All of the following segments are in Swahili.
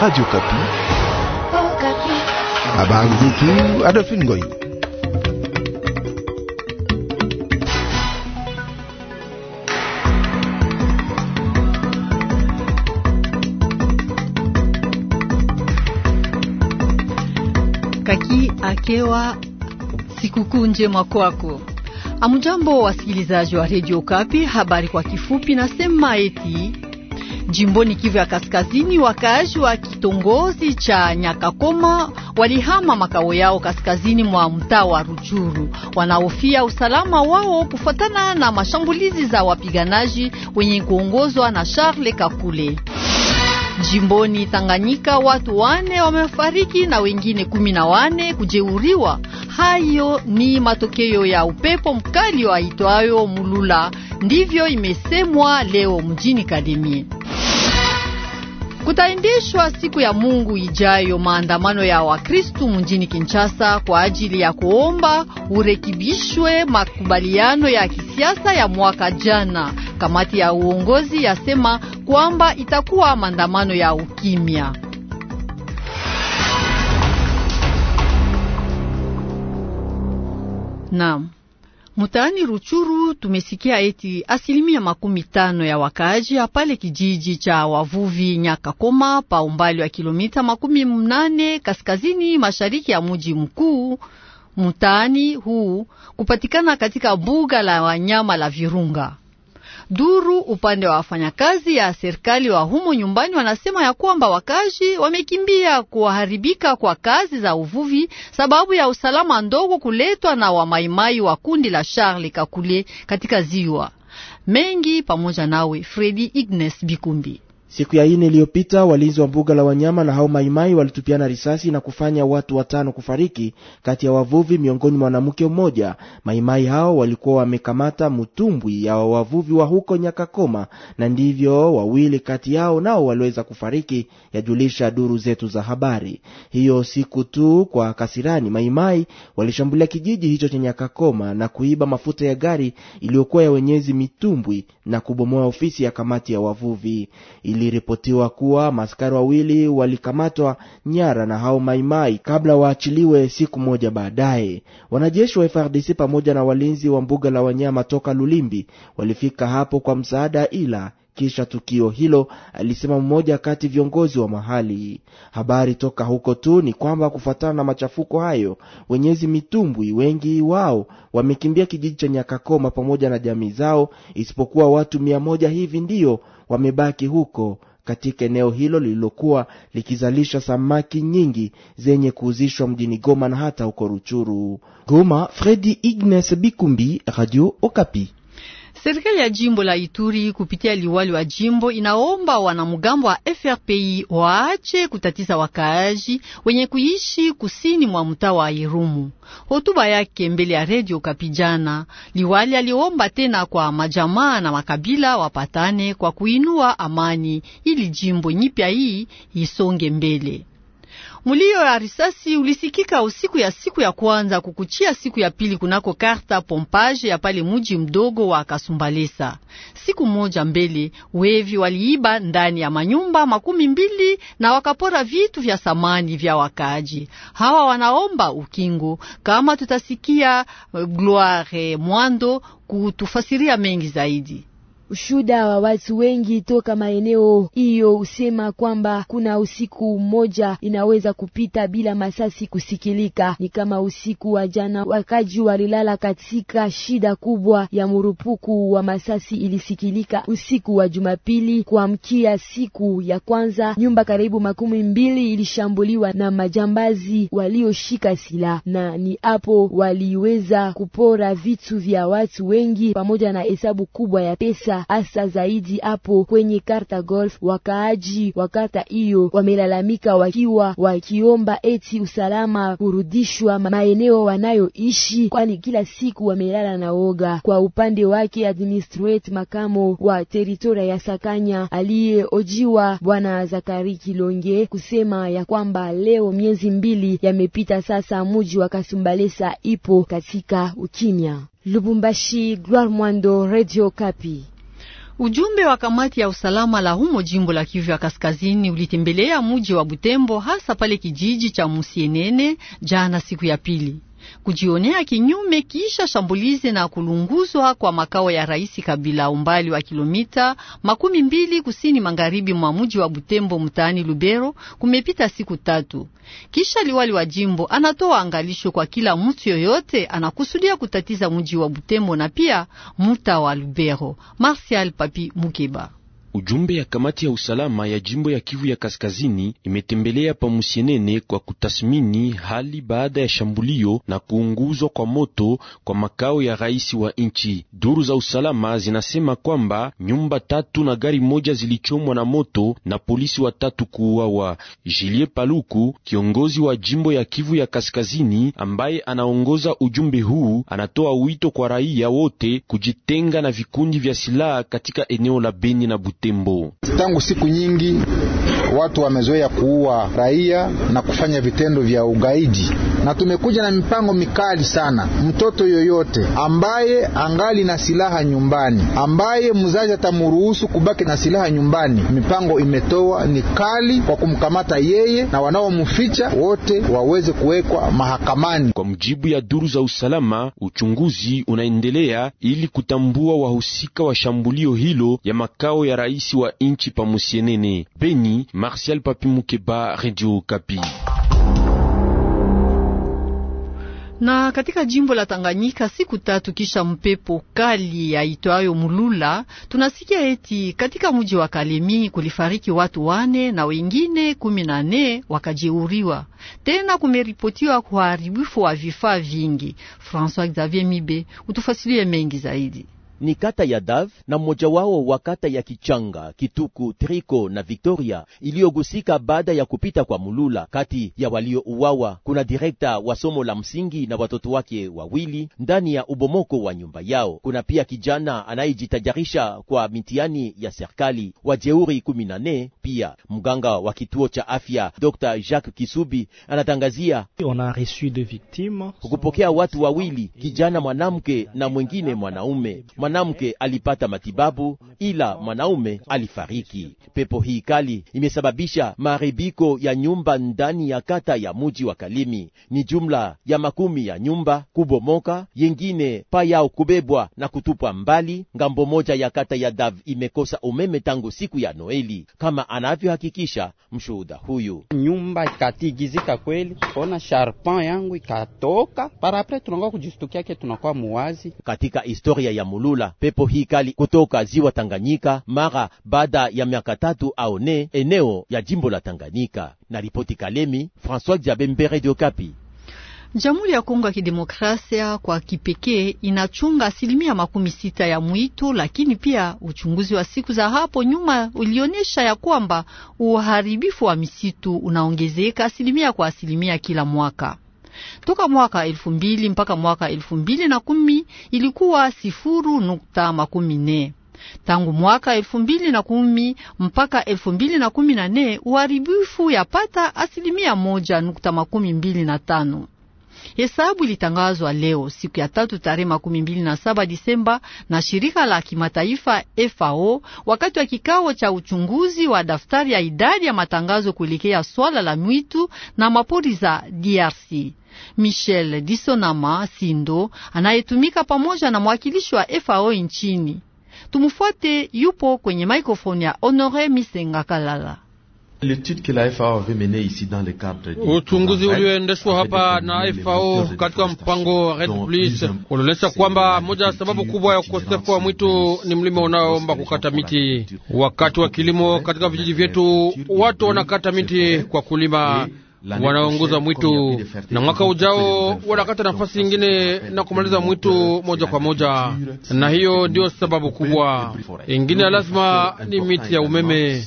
Radio Kapi. Oh, Kapi. Habari Adolphine Ngoy. Kaki akewa sikukuu njema kwako. Amujambo wasikilizaji wa Radio Kapi, habari kwa kifupi nasema eti Jimboni Kivu ya Kaskazini, wakaaji wa kitongozi cha Nyakakoma walihama makao yao kaskazini mwa mtaa wa Rujuru. Wanahofia usalama wao kufuatana na mashambulizi za wapiganaji wenye kuongozwa na Charles Kakule. Jimboni Tanganyika, watu wane wamefariki na wengine kumi na wane kujeuriwa. Hayo ni matokeo ya upepo mkali wa itwayo Mulula, ndivyo imesemwa leo mjini Kalemie. Kutaendeshwa siku ya Mungu ijayo maandamano ya Wakristu mjini Kinshasa kwa ajili ya kuomba urekebishwe makubaliano ya kisiasa ya mwaka jana. Kamati ya uongozi yasema kwamba itakuwa maandamano ya ukimya. Naam. Mtaani Ruchuru tumesikia eti asilimia makumi tano ya wakaaji apale kijiji cha wavuvi Nyakakoma pa umbali wa kilomita makumi mnane kaskazini mashariki ya muji mkuu mtaani huu kupatikana katika mbuga la wanyama la Virunga. Duru upande wa wafanyakazi ya serikali wa humo nyumbani wanasema ya kwamba wakazi wamekimbia kuharibika kwa kazi za uvuvi sababu ya usalama ndogo kuletwa na wamaimai wa kundi la Charles Kakule katika ziwa mengi. Pamoja nawe Freddy ignes Bikumbi. Siku ya ine iliyopita walinzi wa mbuga la wanyama na hao maimai walitupiana risasi na kufanya watu watano kufariki kati ya wavuvi, miongoni mwa mwanamke mmoja. Maimai hao walikuwa wamekamata mtumbwi ya wavuvi wa huko Nyakakoma, na ndivyo wawili kati yao nao waliweza kufariki, yajulisha duru zetu za habari. Hiyo siku tu kwa Kasirani, maimai walishambulia kijiji hicho cha Nyakakoma na kuiba mafuta ya gari iliyokuwa ya wenyezi mitumbwi na kubomoa ofisi ya kamati ya wavuvi Iliripotiwa kuwa maskari wawili walikamatwa nyara na hao maimai kabla waachiliwe siku moja baadaye. Wanajeshi wa FRDC pamoja na walinzi wa mbuga la wanyama toka Lulimbi walifika hapo kwa msaada ila kisha tukio hilo, alisema mmoja kati viongozi wa mahali. Habari toka huko tu ni kwamba kufuatana na machafuko hayo, wenyezi mitumbwi wengi wao wamekimbia kijiji cha Nyakakoma pamoja na jamii zao, isipokuwa watu mia moja hivi ndiyo wamebaki huko katika eneo hilo lililokuwa likizalisha samaki nyingi zenye kuuzishwa mjini Goma na hata huko Ruchuru. Goma, Fredi ignes Bikumbi, Radio Okapi. Serikali ya jimbo la Ituri kupitia liwali wa jimbo inaomba wanamgambo wa FRPI waache kutatiza wakaaji wenye kuishi kusini mwa mtaa wa Irumu. Hotuba yake mbele ya redio Kapijana, liwali aliomba tena kwa majamaa na makabila wapatane kwa kuinua amani ili jimbo nyipya hii isonge mbele. Mulio ya risasi ulisikika usiku ya siku ya kwanza kukuchia siku ya pili kunako karta pompage ya pale muji mdogo wa Kasumbalesa. Siku moja mbele, wevi waliiba ndani ya manyumba makumi mbili na wakapora vitu vya samani vya wakaaji. Hawa wanaomba ukingo kama tutasikia eh, Gloire Mwando kutufasiria mengi zaidi. Ushuda wa watu wengi toka maeneo hiyo husema kwamba kuna usiku mmoja inaweza kupita bila masasi kusikilika. Ni kama usiku wa jana, wakaji walilala katika shida kubwa ya murupuku wa masasi ilisikilika usiku wa Jumapili kuamkia siku ya kwanza. Nyumba karibu makumi mbili ilishambuliwa na majambazi walioshika silaha, na ni hapo waliweza kupora vitu vya watu wengi pamoja na hesabu kubwa ya pesa sasa hasa zaidi hapo kwenye Karta Golf. Wakaaji wa karta hiyo wamelalamika wakiwa wakiomba eti usalama kurudishwa maeneo wanayoishi, kwani kila siku wamelala na woga Kwa upande wake administrate makamo wa teritoria ya Sakanya aliyeojiwa bwana Zakari Kilonge kusema ya kwamba leo miezi mbili yamepita sasa, muji wa Kasumbalesa ipo katika ukimya. Lubumbashi, Gloire Mwando, Radio Kapi. Ujumbe wa kamati ya usalama la humo jimbo la Kivu ya Kaskazini ulitembelea muji wa Butembo hasa pale kijiji cha Musienene jana siku ya pili kujionea kinyume kisha shambulizi na kulunguzwa kwa makao ya Rais Kabila umbali wa kilomita makumi mbili kusini magharibi mwa mji wa Butembo mtaani Lubero. Kumepita siku tatu kisha liwali wa jimbo anatoa angalisho kwa kila mtu yoyote anakusudia kutatiza mji wa Butembo na pia muta wa Lubero. Martial Papi Mukeba Ujumbe ya kamati ya usalama ya jimbo ya Kivu ya Kaskazini imetembelea Pamusienene kwa kutathmini hali baada ya shambulio na kuunguzwa kwa moto kwa makao ya rais wa nchi. Duru za usalama zinasema kwamba nyumba tatu na gari moja zilichomwa na moto na polisi watatu kuuawa. Julie Paluku, kiongozi wa jimbo ya Kivu ya Kaskazini ambaye anaongoza ujumbe huu, anatoa wito kwa raia wote kujitenga na vikundi vya silaha katika eneo la Beni na Buti. Butimbu. Tangu siku nyingi watu wamezoea kuua raia na kufanya vitendo vya ugaidi, na tumekuja na mipango mikali sana. Mtoto yoyote ambaye angali na silaha nyumbani, ambaye mzazi atamruhusu kubaki na silaha nyumbani, mipango imetoa ni kali kwa kumkamata yeye na wanaomficha wote waweze kuwekwa mahakamani. Kwa mujibu ya duru za usalama, uchunguzi unaendelea ili kutambua wahusika wa shambulio hilo ya makao ya raia rais wa nchi pa Musienene. Beni, Martial Papi Mukeba, Radio Kapi. Na katika jimbo la Tanganyika, siku tatu kisha mpepo kali itoayo Mulula, tunasikia eti katika mji wa Kalemi kulifariki watu wane na wengine kumi na nne wakajeuriwa. Tena kumeripotiwa kuharibifu wa vifaa vingi. François Xavier Mibe utufasilie mengi zaidi ni kata ya Dav na mmoja wao wa kata ya Kichanga, Kituku, Triko na Victoria iliyogusika baada ya kupita kwa mulula. Kati ya waliouawa kuna direkta wa somo la msingi na watoto wake wawili ndani ya ubomoko wa nyumba yao. Kuna pia kijana anayejitajarisha kwa mitihani ya serikali, wajeuri 14. Pia mganga wa kituo cha afya Dr. Jacques Kisubi anatangazia kupokea watu wawili, kijana mwanamke na mwengine mwanaume mwanamke alipata matibabu, ila mwanaume alifariki. Pepo hii kali imesababisha maharibiko ya nyumba ndani ya kata ya muji wa Kalimi. Ni jumla ya makumi ya nyumba kubomoka, yengine pa yao kubebwa na kutupwa mbali. Ngambo moja ya kata ya Dav imekosa umeme tangu siku ya Noeli, kama anavyohakikisha mshuhuda huyu. Nyumba ikatigizika kweli, ona sharpan yangu ikatoka parapre, tunakuwa kujistukia ke tunakuwa muwazi katika historia ya Mulula la pepo hii kali kutoka ziwa Tanganyika mara baada ya miaka tatu au ne eneo ya jimbo la Tanganyika. Na ripoti Kalemi, François Jabembe, Radio Okapi. Jamhuri ya Kongo ya Kidemokrasia kwa kipekee inachunga asilimia makumi sita ya mwito, lakini pia uchunguzi wa siku za hapo nyuma ulionyesha ya kwamba uharibifu wa misitu unaongezeka asilimia kwa asilimia kila mwaka toka mwaka elfu mbili mpaka mwaka elfu mbili na kumi ilikuwa sifuru nukta makumi ne. Tangu mwaka elfu mbili na kumi mpaka elfu mbili na kumi na ne uharibifu yapata asilimia moja nukta makumi mbili na tano. Hesabu ilitangazwa leo siku ya tatu tarehe makumi mbili na saba Disemba na shirika la kimataifa FAO wakati wa kikao cha uchunguzi wa daftari ya idadi ya matangazo kuelekea swala la mwitu na mapori za DRC. Michel Disonama Sindo anayetumika pamoja na mwakilishi wa FAO nchini, tumfuate, yupo kwenye maikrofoni ya Honore Misenga Kalala. Uchunguzi ulioendeshwa hapa na FAO katika mpango Red Plus unaonyesha kwamba moja ya sababu kubwa ya ukosefu wa mwitu ni mlima unaoomba kukata miti. Wakati wa kilimo katika vijiji vyetu, watu wanakata miti kwa kulima wanaongoza mwitu, na mwaka ujao wanakata nafasi nyingine na kumaliza mwitu moja kwa moja, na hiyo ndiyo sababu kubwa. Ingine ya lazima ni miti ya umeme.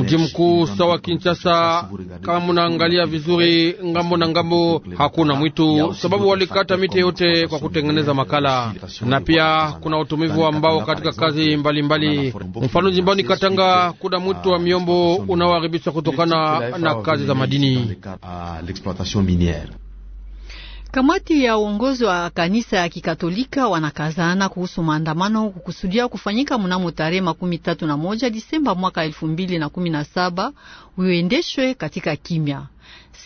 Mji mkuu sawa Kinshasa, kama munaangalia vizuri, ngambo na ngambo hakuna mwitu, sababu walikata miti yote kwa kutengeneza makala, na pia kuna utumivu wa mbao katika kazi mbalimbali. Mfano jimbani Katanga kuna mwitu wa ah, miombo unaoharibishwa kutokana na kazi za madini uh, l'exploitation minière. Kamati ya uongozi wa kanisa ya Kikatolika wanakazana kuhusu maandamano kukusudia kufanyika mnamo tarehe makumi tatu na moja Disemba mwaka elfu mbili na kumi na saba uendeshwe katika kimya.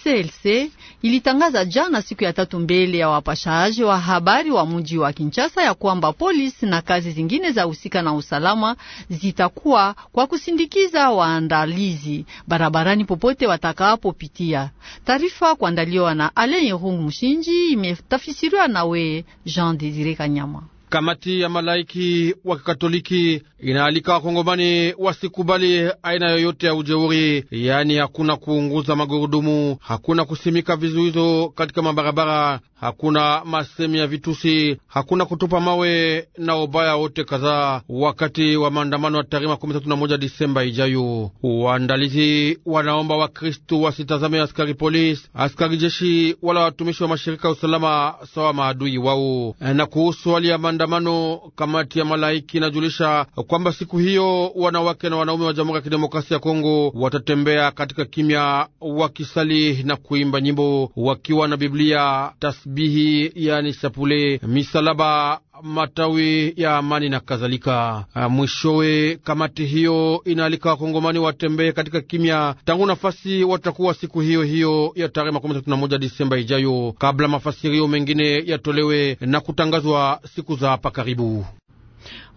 CLC ilitangaza jana siku ya tatu mbele ya wapashaji wa habari wa mji wa Kinshasa ya kwamba polisi na kazi zingine za husika na usalama zitakuwa kwa kusindikiza waandalizi barabarani popote watakapopitia. Taarifa kuandaliwa na Alain Irungu Mushinji imetafsiriwa nawe Jean Desire Kanyama. Kamati ya malaiki wa Kikatoliki inaalika wakongomani wasikubali aina yoyote ya ujeuri, yaani hakuna kuunguza magurudumu, hakuna kusimika vizuizo katika mabarabara, hakuna masemi ya vitusi, hakuna kutupa mawe na ubaya wote kadhaa, wakati wa maandamano ya tarehe makumi tatu na moja Disemba ijayo. Waandalizi wanaomba Wakristu wasitazame askari polisi, askari jeshi wala watumishi wa mashirika ya usalama sawa maadui wao. Na kuhusu hali ya maandamano, kamati ya malaiki inajulisha kwamba siku hiyo wanawake na wanaume wa Jamhuri ya Kidemokrasia ya Kongo watatembea katika kimya, wakisali na kuimba nyimbo wakiwa na Biblia, tasbihi yani sapule, misalaba matawi ya amani na kadhalika. Ah, mwishowe, kamati hiyo inaalika wakongomani watembee katika kimya tangu nafasi watakuwa siku hiyo hiyo ya tarehe makumi tatu na moja Disemba ijayo, kabla mafasirio mengine yatolewe na kutangazwa siku za hapa karibu.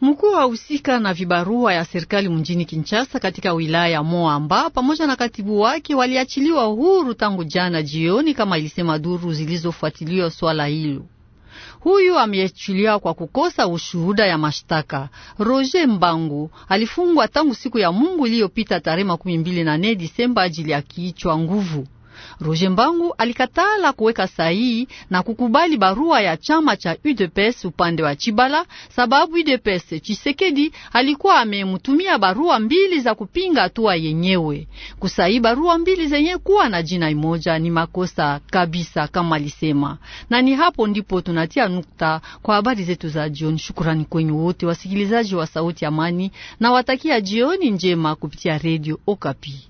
Mkuu wa husika na vibarua ya serikali mjini Kinshasa katika wilaya ya Moamba pamoja na katibu wake waliachiliwa huru tangu jana jioni, kama ilisema duru zilizofuatiliwa swala hilo. Huyu ameachiliwa kwa kukosa ushuhuda ya mashtaka. Roger Mbangu alifungwa tangu siku ya Mungu iliyopita tarehe makumi mbili na nne Disemba ajili ya kiichwa nguvu. Roger Mbangu alikatala kuweka sahihi na kukubali barua ya chama cha UDPS upande wa Chibala, sababu UDPS Chisekedi alikuwa amemutumia barua mbili za kupinga hatua yenyewe. Kusahihi barua mbili zenye kuwa na jina imoja ni makosa kabisa, kama alisema, na ni hapo ndipo tunatia nukta kwa habari zetu za jioni. Shukrani kwenyu wote wasikilizaji wa Sauti Amani na watakia jioni njema kupitia Redio Okapi.